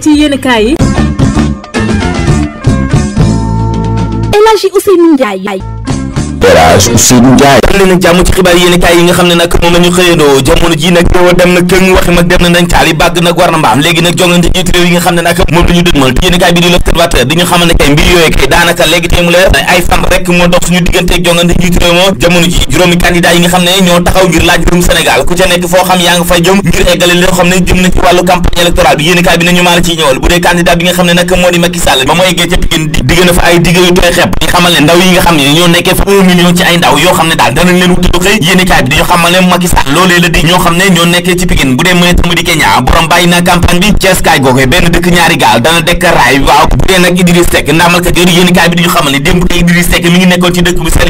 ci yenn kaay yi El Hadji Ousseynou El Hadj Ousseynou Ndiaye dal léegi nag mu leer ay fan rek moo dox suñu diggante jongante jiitu réew moo jamono ji juróomi candidat yi nga xam ne ñoo taxaw ngir laaj réewum Sénégal ku ca nekk foo xam yaa nga fay jëm ngir eggale loo xam ne jëm na ci wàllu campagne électorale bi yéen bi nañu maa la ñëwal bu dee candidat bi nga xam ne nag moo di Macky Sall ba mu eggee ca Pikine digg na fa ay digg yu tooy xepp ñu xamal ne ndaw yi nga xam ne ñoo nekkee fa millions ci ay ndaw yoo xam ne bi dañu xamal ne Macky Sall loolee la mi ngi nekkoon ci dëkk bu sel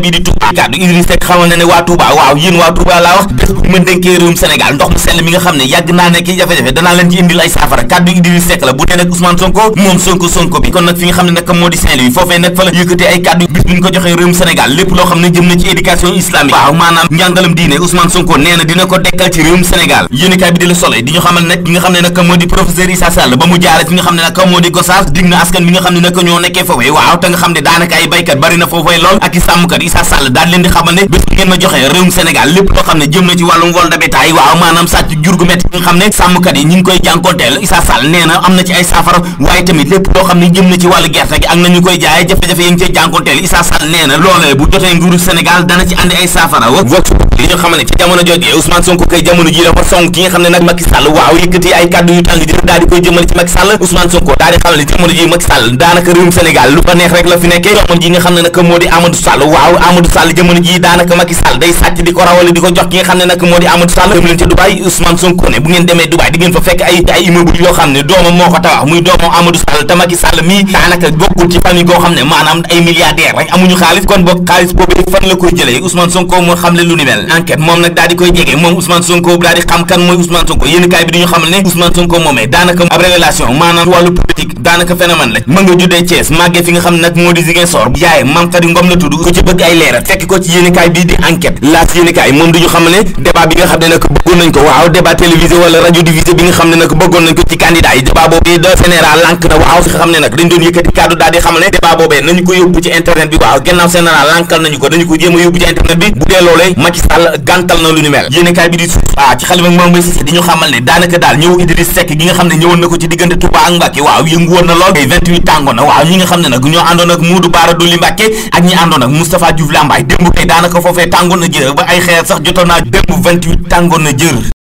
ndox mu sell mi nga xam ne yàgg naa nekk jafe-jafe danaa leen ci indil ay saafara kaddu Idriss Seck la bu dee nag Ousmane Sonko moom Sonko Sonko bi kon nag fi nga xam ne nag moo di Saint-Louis foofee nag ay kaddu bis bu ñu ko joxee réewum Sénégal lépp loo xam ne jëm na ci éducation islamique waaw maanaam njàngalam diine Ousmane Sonko nee na dina ko dekkal ci moo di professeur Issa ba mu jaare fi nga xam ne nag moo di Gossas dig askan bi nga xam ne nag ñoo nekkee foofee waaw te lépp loo xam ne jëm ne ci ay gerte gi ak nañu koy jaaye jafe-jafe yi ngi cee jànkonteel Issa Sall loolee bu jotee nguuru Sénégal dana ci andi ay saafara vox li ñu xam ne ci jamono jooju Ousmane Sonko kay jamono ji dafa song ki nga xam ne nag Macky Sall waaw yëkkati ay kàddu yu tàng daal di koy jëmale ci Macky Sall Ousmane Sonko daal di xam ne jamono ji Macky Sall daanaka réewum Sénégal lu ko neex rek la fi nekkee jamono ji nga xam ne nag moo di Amadou Sall waaw Amadou Sall jamono ji daanaka Macky Sall day sàcc di ko rawale di ko jox ki nga xam ne nag moo di Amadou Sall dem leen ci Dubaay Ousmane Sonko ne bu ngeen demee Dubaay di ngeen fa fekk ay ay immeuble yoo xam ne doomam moo ko tabax muy doomam Amadou Sall te Macky Sall mii daanaka bokkul ci famille goo xam ne maanaam ay milliardaire rek amuñu xaalis kon bokk xaalis boobu bi fan la koy jëlee Ousmane Sonko moo xam le lu ni mel moom nag daal koy jege moom Ousmane Sonko daal di xam kan mooy Ousmane Sonko yéen kaay bi du ñu xam ne Ousmane Sonko moomee daanaka ab révélation maanaam wàllu daanaka phénomène la ma nga juddee Thiès màggee fi nga xam ne nag moo di Ziguinchor yaay Mame Khady Ngom la tudd ci bëgg ay leeral fekk ko ci yéenekaay bii di enquête laas yéenekaay moom bi di xam ne ci internet bi waaw gannaaw a yóbbu di ñu xamal ne daanaka daal ñëw Idriss Seck gi nga xam ne ñëwoon na ko ci diggante Touba ak waaw wóor na lool 28 tàngoon na waaw ñi nga xam ne nag ñoo àndoon ak Modou Bara Dolly Mbacké ak ñi àndoon ak Moustapha Diouf Lambaye démb daanaka foofee tàngoon na jër ba ay xeer sax jotoon naa démb 28 tàngoon na jër